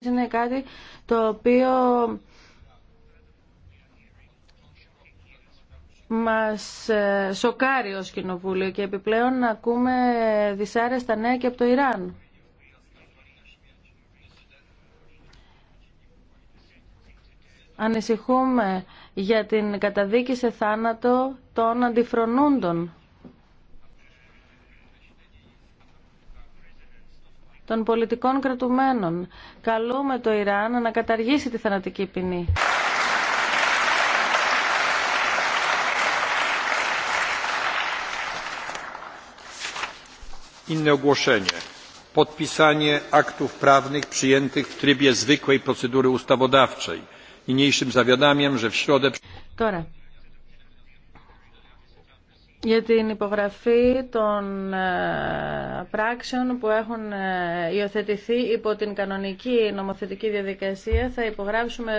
είναι κάτι το οποίο μας ε, σοκάρει ως κοινοβούλιο και επιπλέον ακούμε δυσάρεστα νέα και από το Ιράν. Ανησυχούμε για την καταδίκη σε θάνατο των αντιφρονούντων. των πολιτικών κρατουμένων. Καλούμε το Ιράν να καταργήσει τη θανατική ποινή. Inne ogłoszenie. Podpisanie aktów prawnych przyjętych w trybie zwykłej procedury ustawodawczej. Niniejszym zawiadamiam, że w środę για την υπογραφή των ε, πράξεων που έχουν ε, υιοθετηθεί υπό την κανονική νομοθετική διαδικασία. Θα υπογράψουμε